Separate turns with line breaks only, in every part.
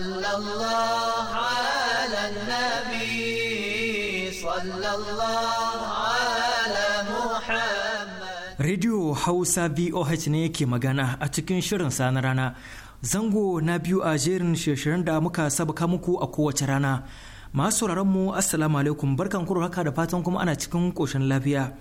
صلى الله على النبي
ne yake magana a cikin shirin sana rana zango na biyu a jerin shirin da muka sabaka muku a kowace rana masu mu assalamu alaikum barkan kuro haka da fatan kuma ana cikin koshin lafiya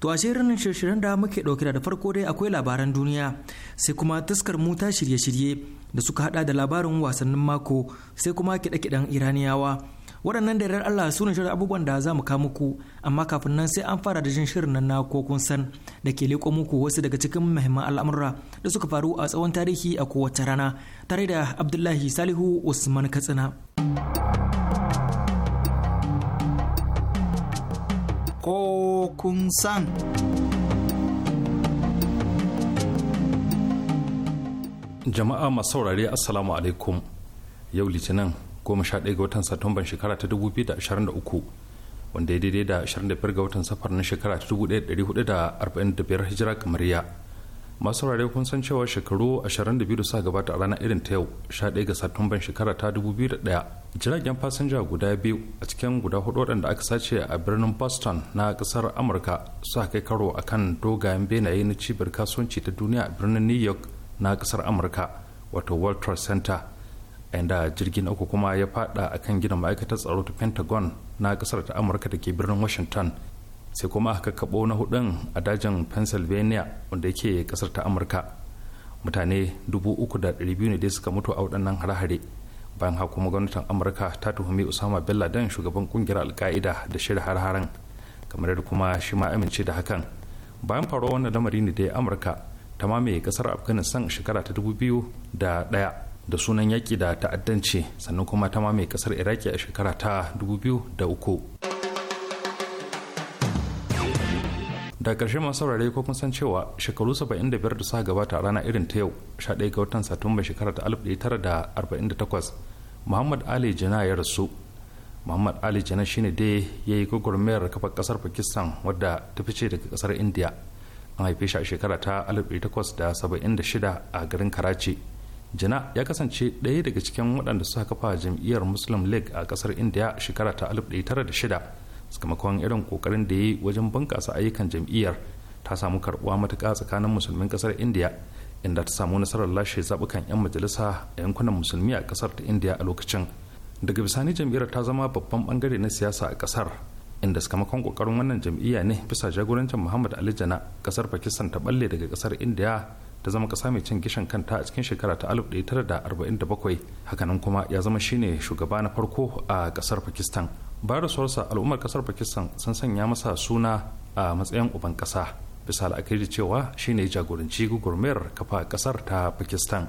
To a shirin shirin da muke ɗauke da farko dai akwai labaran duniya sai kuma taskar muta shirye-shirye da suka hada da labarin wasannin mako sai kuma kiɗe-kiɗen Iraniyawa. Waɗannan da Allah su ne shirin abubuwan da za mu kama muku amma kafin nan sai an fara da jin shirin nan na ko kun san da ke leƙo muku wasu daga cikin muhimman al'amura da suka faru a tsawon tarihi a kowace rana tare da Abdullahi Salihu Usman Katsina.
ko kun san.
Jama'a masu saurare Assalamu alaikum yau litinin goma sha ɗaya ga watan satumban shekara ta dubu biyu da ashirin da uku wanda ya daidai da ashirin da biyar ga watan safar na shekara ta dubu ɗaya da ɗari hudu da arba'in da biyar hijira ya. masu rare kun san cewa shekaru 22 da suka gabata a ranar irin ta yau 11 ga satumban shekara ta 2001 jiragen fasinja guda biyu a cikin guda hudu waɗanda aka sace a birnin boston na ƙasar amurka suka kai karo a kan dogayen benaye na cibiyar kasuwanci ta duniya a birnin new york na kasar amurka wato world trade center inda jirgin uku kuma ya fada a kan gina ma'aikatar tsaro ta pentagon na ƙasar ta amurka da ke birnin washington sai kuma aka kabo na hudun a dajin pennsylvania wanda yake kasar ta amurka mutane 3,200 ne dai suka mutu a waɗannan hare-hare bayan haka kuma gwamnatin amurka ta tuhumi usama bin laden shugaban kungiyar alka'ida da shirya har-haren kamar da kuma shi ma amince da hakan bayan faruwa wannan lamari ne dai amurka ta mamaye kasar afghanistan shekara ta biyu da ɗaya da sunan yaƙi da ta'addanci sannan kuma ta mamaye kasar iraki a shekara ta biyu da uku. da ƙarshe masu saurare ko kun san cewa shekaru 75 da suka gabata a rana irin ta yau 11 ga watan satumba shekara ta 1948 muhammad ali jana ya rasu muhammad ali jana shine dai ya yi gwagwarmayar kafa ƙasar pakistan wadda ta fice daga ƙasar india an haife shi a shekara ta 1876 a garin karachi jana ya kasance ɗaya daga cikin waɗanda suka kafa jam'iyyar muslim league a ƙasar india a shekara ta 1906 sakamakon irin kokarin da ya yi wajen bunkasa ayyukan jam'iyyar ta samu karbuwa matuƙa tsakanin musulmin ƙasar indiya inda ta samu nasarar lashe zaɓukan 'yan majalisa a yankunan musulmi a ƙasar ta indiya a lokacin daga bisani jam'iyyar ta zama babban bangare na siyasa a ƙasar inda sakamakon kokarin wannan jam'iyya ne bisa jagorancin muhammad ali jana ƙasar pakistan ta balle daga kasar indiya ta zama kasa mai cin gishan kanta a cikin shekara ta 1947 hakanan kuma ya zama shine shugaba na farko a kasar pakistan bayan rasuwarsa al'ummar kasar pakistan sun sanya masa suna a matsayin uban kasa bisa la'akari cewa shine jagoranci gugurmiyar kafa kasar ta pakistan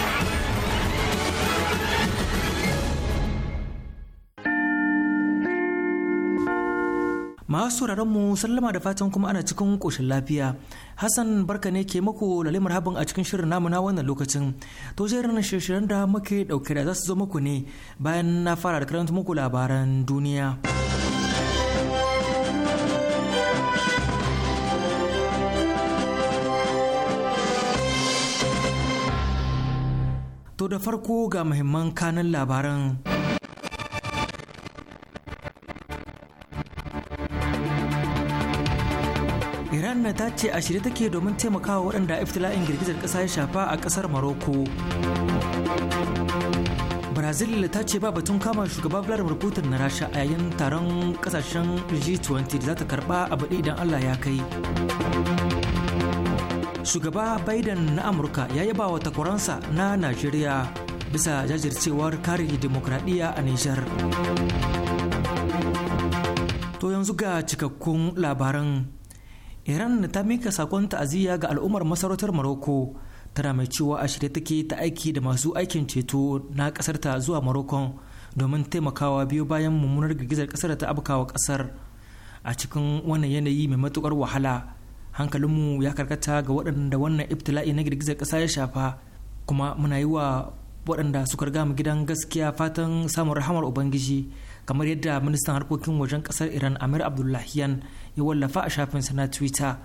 masu mu sallama da fatan kuma ana cikin koshin lafiya hassan barka ne ke muku lalimar habin a cikin shirin namu na wannan lokacin to jerin shirin da muke dauke da za su zo muku ne bayan na fara da karanta muku labaran duniya to da farko ga muhimman kanin labaran Wannan ta ce a shirye take domin taimakawa waɗanda iftila'in girgizar ƙasa ya shafa a ƙasar Morocco. Brazil ta ce ba batun kama shugaba Vladimir Putin na Rasha a yayin taron kasashen G20 da za ta karɓa a baɗi idan Allah ya kai. Shugaba Biden na Amurka ya yaba wa takwaransa na Najeriya bisa jajircewar kare demokradiyya a Nijar. To yanzu ga cikakkun labaran iran ta mika sakon ta'aziyya ga al'ummar masarautar maroko tana mai cewa a shirye take ta aiki da masu aikin ceto na kasar ta zuwa maroko domin taimakawa biyu bayan mummunar girgizar kasar ta abkawa kasar a cikin wannan yanayi mai matukar wahala hankalinmu ya karkata ga waɗanda wannan ibtila'i na girgizar ƙasa ya shafa kuma muna yi wa waɗanda suka riga mu gidan gaskiya fatan samun rahamar ubangiji kamar yadda ministan harkokin wajen kasar iran amir abdullahiyan ya wallafa a shafinsa na twitter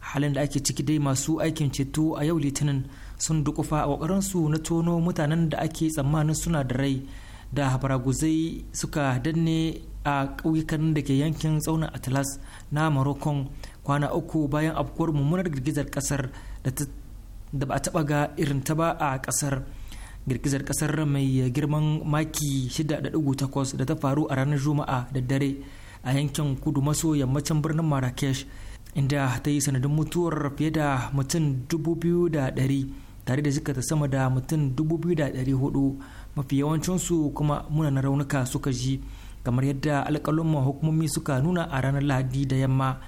halin da ake ciki dai masu aikin ceto a yau litinin sun dukufa a su na tono mutanen da ake tsammanin suna da rai da baraguzai suka danne a ƙauyukan da ke yankin tsaunin atlas na morocco kwana uku bayan afkuwar mummunar girgizar kasar da ba a taɓa ga irin ta ba a kasar girgizar kasar mai girman maki 6.8 da ta faru a ranar juma'a da dare a yankin kudu maso yammacin birnin marrakesh inda ta yi sanadin mutuwar fiye da mutum 2,100 tare da jikata sama da mutum 2,400 mafi yawancinsu kuma munanan raunuka suka ji kamar yadda alƙalin hukumomi suka nuna a ranar lahadi da yamma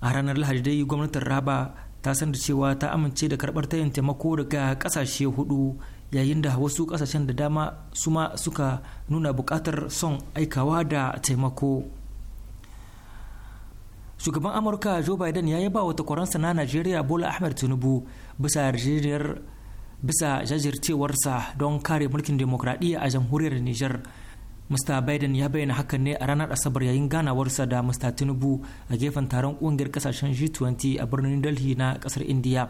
a ranar lahadi dai gwamnatin raba ta sanda cewa ta amince da karɓar tayin taimako daga ƙasashe hudu yayin da wasu kasashen da dama suma suka nuna bukatar son aikawa da taimako shugaban amurka joe biden ya yaba wata sa na nigeria bola ahmed tinubu bisa yarjejeniyar bisa jajircewarsa don kare mulkin demokradiyya a jamhuriyar niger mr biden ya bayyana hakan ne a ranar asabar yayin ganawarsa da mr tinubu a gefen taron kungiyar kasashen g20 a birnin delhi na kasar india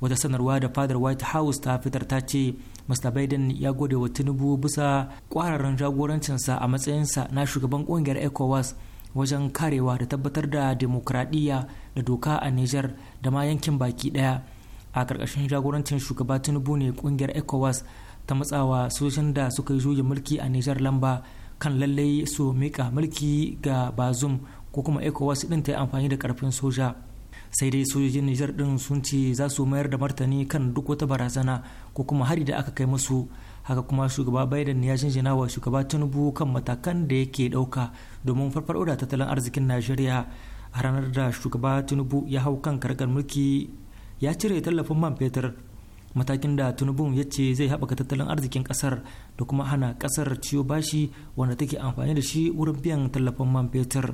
wata sanarwa da fadar white house ta fitar ta ce mr biden ya gode wa tinubu bisa kwararren jagorancinsa a matsayinsa na shugaban kungiyar ecowas wajen karewa da tabbatar da demokradiyya da doka a niger da ma yankin baki daya a karkashin jagorancin shugaba tinubu ne kungiyar ecowas ta matsawa sojin da suka yi juyin mulki a niger lamba kan lallai su mika mulki ga bazum ko kuma ecowas din ta yi amfani da karfin soja sai dai sojojin nijar din sun ce za su mayar da martani kan duk wata barazana ko kuma hari da aka kai musu haka kuma shugaba biden ya jinjina wa shugaba tinubu kan matakan da yake dauka domin farfaro da tattalin arzikin najeriya a ranar da shugaba tinubu ya hau kan karkar mulki ya cire tallafin man fetur matakin da tinubu ya ce zai haɓaka tattalin arzikin ƙasar da kuma hana ƙasar ciwo bashi wanda take amfani da shi wurin biyan tallafin man fetur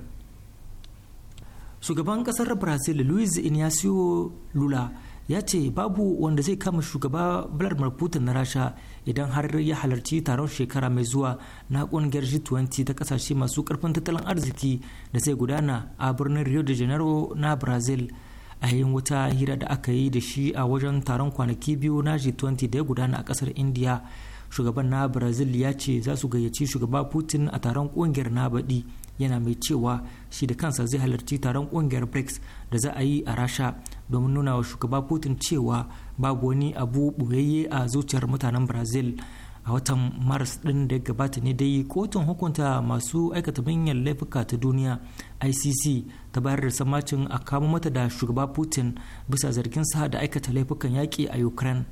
shugaban kasar brazil luis inacio lula ya ce babu wanda zai kama shugaba vladimir putin na rasha idan har ya halarci taron shekara mai zuwa na kungiyar g20 ta kasashe masu karfin tattalin arziki da zai gudana a birnin rio de janeiro na brazil a yayin wata hira da aka yi da shi a wajen taron kwanaki biyu na g20 da ya gudana a kasar india shugaban na brazil ya ce za su gayyaci shugaba putin a taron kungiyar na baɗi yana mai cewa shi da kansa zai halarci taron kungiyar brics da za a yi a rasha domin nuna wa shugaba putin cewa babu wani abu boyayye a zuciyar mutanen brazil a watan maris din da ya gabata ne dai kotun hukunta masu aikata manyan laifuka ta duniya icc ta bayar da samacin a kama mata da shugaba putin bisa zargin sa da aikata laifukan yaƙi a ukraine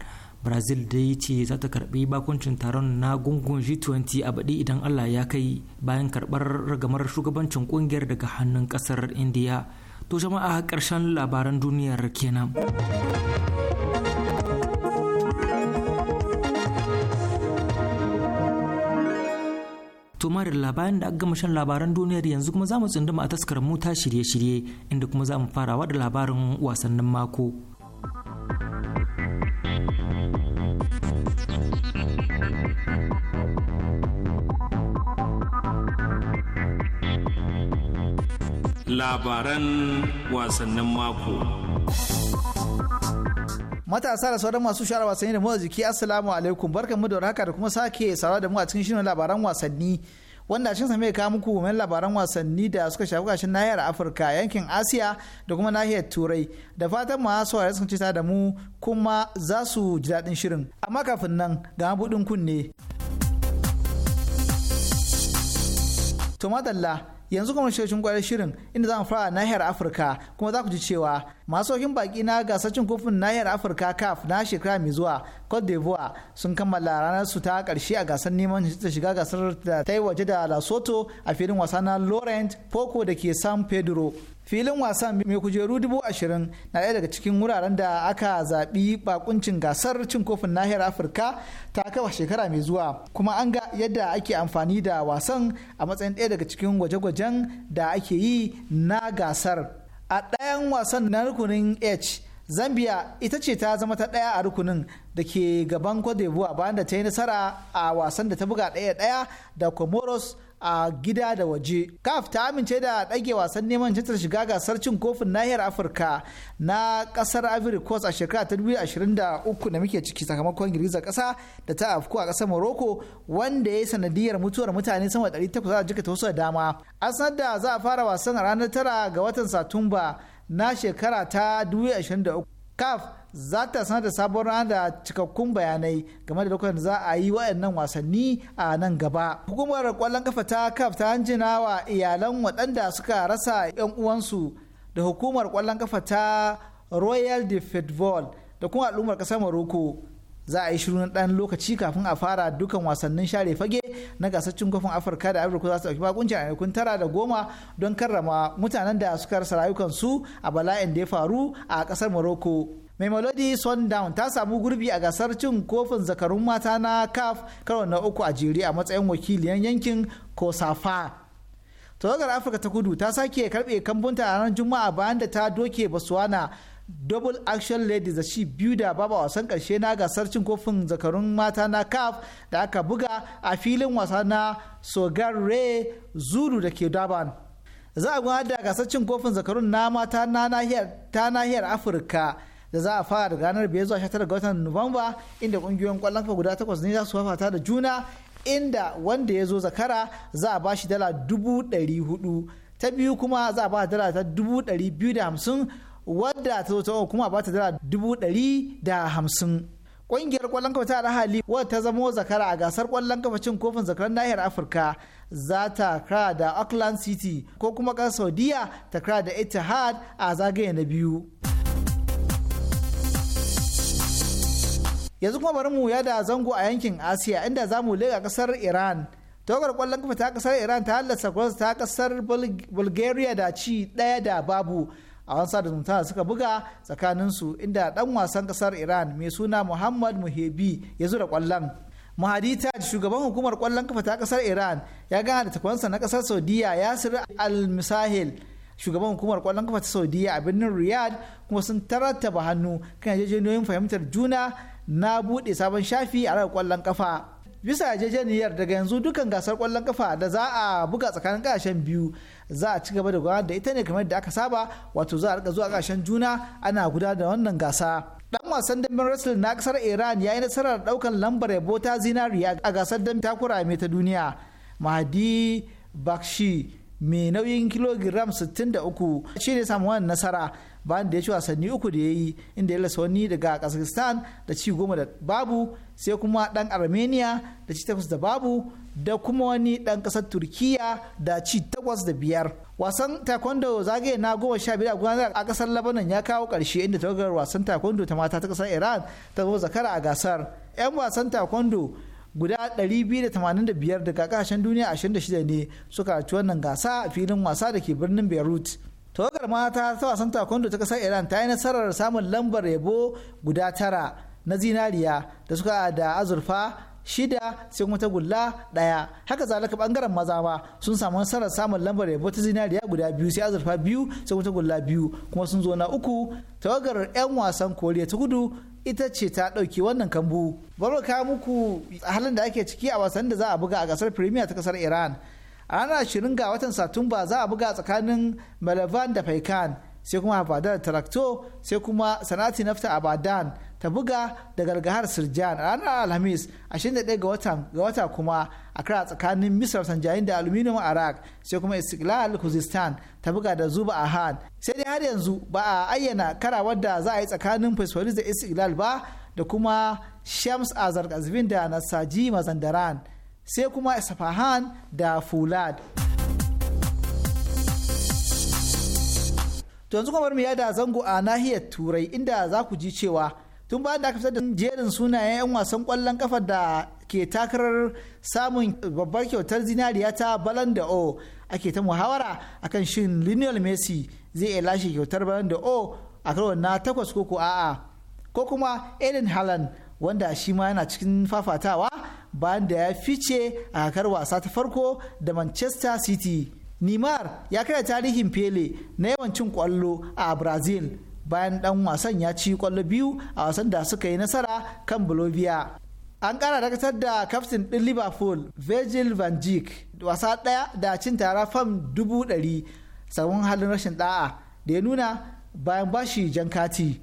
brazil dai ce za ta karbi bakuncin taron na gungun g20 a baɗi idan allah ya kai bayan karbar ragamar shugabancin kungiyar daga hannun kasar indiya to jama'a ƙarshen labaran duniyar kenan tumarin labarin da aka gama shan labaran duniyar yanzu kuma za mu tsunduma a taskar mu ta shirye-shirye inda kuma za mu farawa da labarin wasannin mako.
labaran wasannin mako.
Matasa da sauran masu shara wasanni da motsa jiki Assalamu alaikum barkanmu da haka da kuma sake saurara da mu a cikin shirin labaran wasanni wanda cikin same ka muku mai labaran wasanni da suka shafi kashin nahiyar Afirka yankin Asiya da kuma nahiyar Turai da fatan masu saurare sun cita da mu kuma za su ji daɗin shirin amma kafin nan ga mabuɗin kunne. To madalla yanzu kuma shirin gwada shirin inda za mu fara nahiyar afirka kuma za ku ji cewa masu baƙi na gasar cin kofin nahiyar afirka caf na shekara mai zuwa Côte d'ivoire sun kammala ranar su ta karshe a gasar neman shiga gasar da ta yi waje da lasoto a filin wasa na laurent poco da ke san pedro filin wasan mai kujeru dubu ashirin na ɗaya daga cikin wuraren da aka zaɓi bakuncin gasar cin kofin nahiyar afirka ta kafa shekara mai zuwa kuma an ga yadda ake amfani da wasan a matsayin ɗaya daga cikin gwaje-gwajen da ake yi na gasar a ɗayan wasan na rukunin h zambia ita ce ta zama ta ɗaya a rukunin da ke gaban Cote bayan da ta yi nasara a wasan da ta buga ɗaya-ɗaya da Comoros a gida da waje. CAF ta amince da ɗage wasan neman cantar shiga gasar cin kofin nahiyar Afirka na ƙasar Ivory Coast a shekara ta 2023 da muke ciki sakamakon girgizar kasa da ta afku a ƙasar Morocco wanda ya yi sanadiyar mutuwar mutane sama da 800 a jika ta wasu da dama. An sanar da za a fara wasan a ranar tara ga watan Satumba na shekara ta 2023. CAF za ta sanar da sabon rana da cikakkun bayanai game da lokacin da za a yi waɗannan wasanni a nan gaba. Hukumar kwallon kafa ta kaf ta hanjina wa iyalan waɗanda suka rasa 'yan uwansu da hukumar kwallon kafa ta Royal de Football da kuma al'ummar kasar Morocco. Za a yi shiru na ɗan lokaci kafin a fara dukan wasannin share fage na gasar cin kofin Afirka da Afirka za su ɗauki bakunci a yankin tara da goma don karrama mutanen da suka rasa rayukansu a bala'in da ya faru a ƙasar Morocco. mai melody sundown ta samu gurbi a gasar cin kofin zakarun mata na caf karo na uku a jere a matsayin wakiliyan yankin kosafa tawagar afirka ta kudu ta sake karbe kambunta a ranar juma'a bayan da ta doke botswana double action ladies da shi biyu da baba wasan karshe na gasar cin kofin zakarun mata na caf da aka buga a filin wasa na sogare zulu da ke daban za a gudanar da gasar cin kofin zakarun na mata na nahiyar afirka da za a fara da ranar biyar zuwa 19 ga watan nuwamba inda kungiyoyin kwallon kafa guda takwas ne za su fafata da juna inda wanda ya zo zakara za a bashi dala dubu ɗari hudu ta biyu kuma za a ba dala ta dubu ɗari biyu da hamsin wadda ta zo ta kuma a ba ta dala dubu ɗari da hamsin. Ƙungiyar ƙwallon kafa ta Alhali wadda ta zamo zakara a gasar kwallon kafa cin kofin zakaran nahiyar Afirka za ta kara da Auckland City ko kuma ƙasar Saudiya ta kara da Etihad a zagaye na biyu. yanzu kuma bari mu yada zango a yankin asiya inda za mu lega kasar iran tawagar kwallon kafa ta kasar iran ta hallasa kwasa ta kasar bulgaria da ci daya da babu a wasa da zumunta suka buga tsakaninsu inda dan wasan kasar iran mai suna muhammad muhebi ya zura kwallon mahadi ta shugaban hukumar kwallon kafa ta kasar iran ya gana da takwansa na kasar saudiya yasir al-misahil shugaban hukumar kwallon kafa ta saudiya a birnin riyadh kuma sun tarattaba hannu kan yajejeniyoyin fahimtar juna na buɗe sabon shafi a ranar kwallon kafa bisa yarjejeniyar daga yanzu dukkan gasar kwallon kafa da za a buga tsakanin ƙasashen biyu za a ci gaba da gudanar da ita ne kamar da aka saba wato za a rika zuwa ƙasashen juna ana gudanar da wannan gasa dan wasan damben wrestling na kasar iran ya yi nasarar ɗaukar lambar yabo ta zinari a gasar damben takura mai ta duniya mahadi bakshi mai nauyin kilogiram 63 shi ne samu wannan nasara bayan da ya ci wasanni uku da ya yi inda ya lasa wani daga kazakhstan da ci goma da babu sai kuma dan armenia da ci takwas da babu da kuma wani dan kasar turkiya da ci takwas da biyar wasan taekwondo zagaye na goma sha biyar a gudanar a kasar labanan ya kawo karshe inda tawagar wasan taekwondo ta mata ta kasar iran ta zama zakara a gasar yan wasan taekwondo guda 285 daga kasashen duniya 26 ne suka ci wannan gasa a filin wasa da ke birnin beirut tawagar mata ta wasan takwando ta kasar iran ta yi nasarar samun lambar yabo guda tara na zinariya da suka da azurfa shida sai kuma ta gulla daya haka zalika bangaren maza ma sun samu nasarar samun lambar yabo ta zinariya guda biyu sai azurfa biyu sai kuma ta gulla biyu kuma sun zo na uku tawagar 'yan wasan koriya ta kudu ita ce ta dauki wannan kambu bari ka muku halin da ake ciki a wasan da za a buga a kasar premier ta kasar iran a ranar ashirin ga watan satumba za a buga tsakanin malavan da faikan sai kuma da tarakto sai kuma sanati nafta abadan ta buga da gargahar sirjan ranar alhamis 21 ga watan ga wata kuma a kira tsakanin misra sanjayin da aluminium arak sai kuma istiklal kuzistan ta buga da zuba a han sai dai har yanzu ba a ayyana kara wadda za a yi tsakanin fesfolis da istiklal ba da kuma shams azar da nasaji mazandaran sai kuma Isfahan da Fulad. To yanzu kuma mu yada zango a nahiyar Turai inda za ku ji cewa tun bayan da aka fitar da jerin sunayen 'yan wasan kwallon kafa da ke takarar samun babbar kyautar zinariya ta da o ake ta muhawara akan shin Lionel Messi zai iya lashe kyautar Ballon d'Or a karo na takwas koko a'a ko kuma Eden Haaland wanda shi ma yana cikin fafatawa bayan da ya fice a kakar wasa ta farko da manchester city neymar ya kai tarihin pele na yawan cin kwallo a brazil bayan dan wasan ya ci kwallo biyu a wasan da suka yi nasara kan bolivia an kara dakatar da kaftin ɗin liverpool virgil van dijk wasa ɗaya da cin tara fam dubu ɗari sabon halin rashin ɗa'a da ya nuna bayan bashi jan kati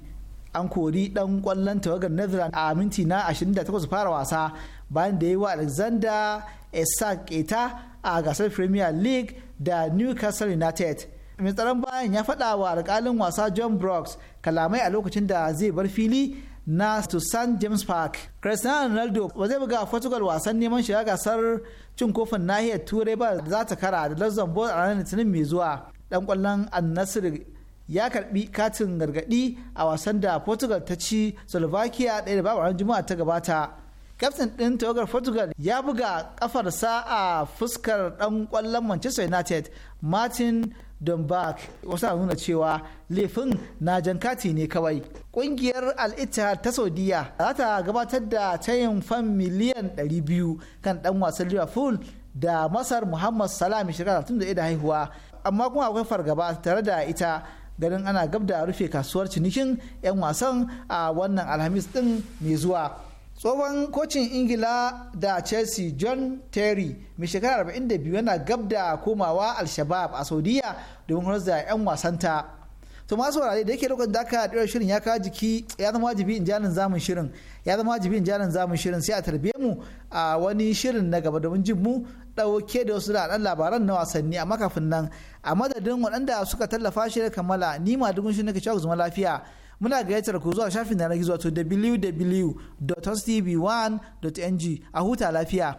an kori ɗan kwallon tawagar netherlands a minti na 28 fara wasa bayan da ya yi wa alexander isaac keta a gasar premier league da newcastle united mai tsaron bayan ya faɗa wa alƙalin wasa john brooks kalamai a lokacin da zai bar fili na to San James Park. Cristiano Ronaldo ba zai buga Portugal wasan neman shiga gasar cin kofin nahiyar Turai ba za ta kara da bol a ranar Litinin mai zuwa. Dan kwallon al ya karbi katin gargadi a wasan da Portugal ta ci Slovakia ɗaya da babu ranar Juma'a ta gabata. kaftin ɗin tawagar portugal ya buga kafarsa a fuskar ɗan ƙwallon manchester united martin donbach wasu nuna cewa laifin na jankati ne kawai ƙungiyar al'ita ta saudiya za ta gabatar da tayin fan miliyan 200 kan ɗan wasan liverpool da masar muhammad salami shekara tun da haihuwa amma kuma akwai fargaba tare da ita ganin ana gab da rufe kasuwar cinikin 'yan wasan a wannan alhamis ɗin mai zuwa tsohon kocin ingila da chelsea john terry mai shekara 42 yana gab da komawa al-shabab a saudiya domin horar da 'yan wasanta to masu wurare da yake lokacin da aka shirin ya kawo jiki ya zama wajibi in janin zamun shirin ya zama wajibi in janin zamun shirin sai a tarbe mu a wani shirin na gaba domin jin mu ɗauke da wasu da labaran na wasanni amma kafin nan a madadin waɗanda suka tallafa shi da kammala ni ma dugun shi nake cewa zama lafiya muna gayyatar ku zuwa shafin yanar gizo to www.tv1.ng a huta lafiya.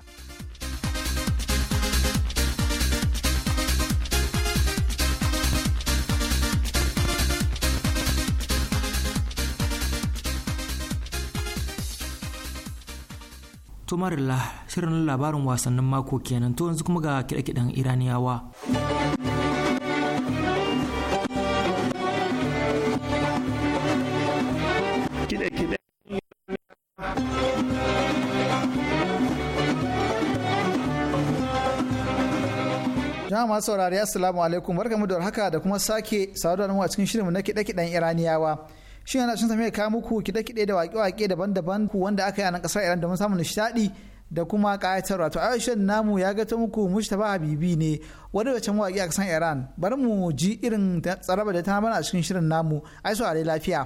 Tumarilla shirin labarin wasannin mako kenan to yanzu kuma ga kiɗe-kiɗen Iraniyawa.
jama'a masu saurari assalamu alaikum barkamu da haka da kuma sake saduwa mu a cikin shirinmu na kiɗe-kiɗen iraniyawa shin yana cin samiya kawo muku kiɗe-kiɗe da waƙe-waƙe daban-daban ku wanda aka yi a nan ƙasar iran domin samun nishaɗi da kuma ƙayatarwa to shirin namu ya ga ta muku mustapha habibi ne wani wacce mawaƙi a ƙasar iran bari mu ji irin tsaraba da ta mana a cikin shirin namu ai saurari lafiya.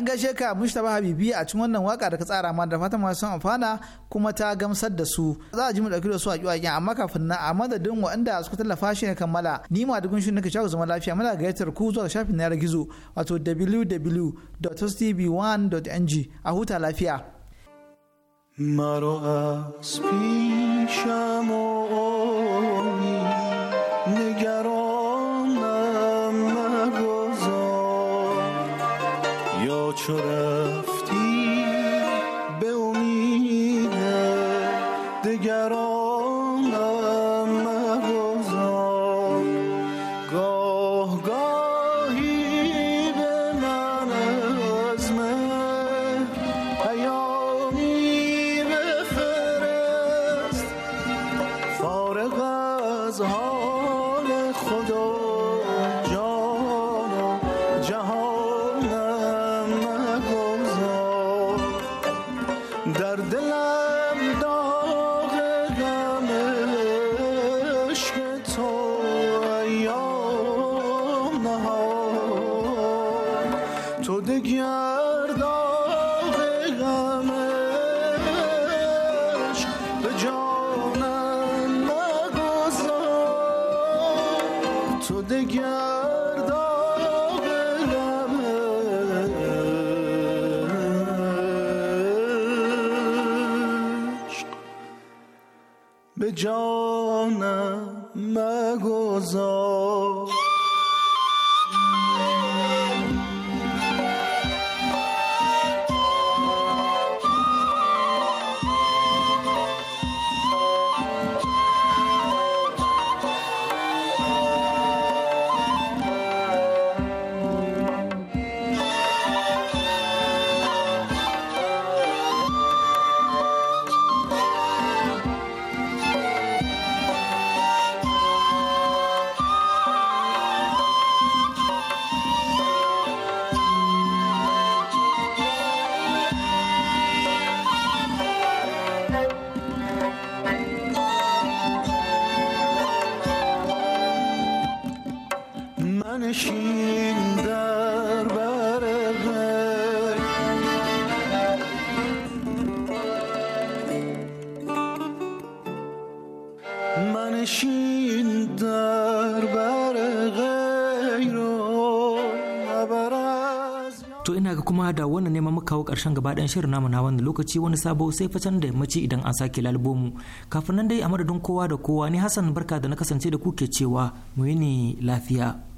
an gaishe ka mustapha habibi a cikin wannan waka da ka tsara ma da fatan masu amfana kuma ta gamsar da su za a ji mu dauki da su a kin amma kafin na a madadin waɗanda suka tallafa shi ne kammala ni ma dukun shi nake shaku zama lafiya muna gayyatar ku zuwa shafin na gizo wato www.tv1.ng a huta lafiya
مرا shamo شدم dar
kawo ƙarshen gaba ɗayan shirin namu na wannan lokaci wani sabo sai facen da yammaci idan an sake lalubo mu kafin nan dai a madadin kowa da kowa ni Hassan barka da na kasance da ku ke cewa mu yi ni lafiya.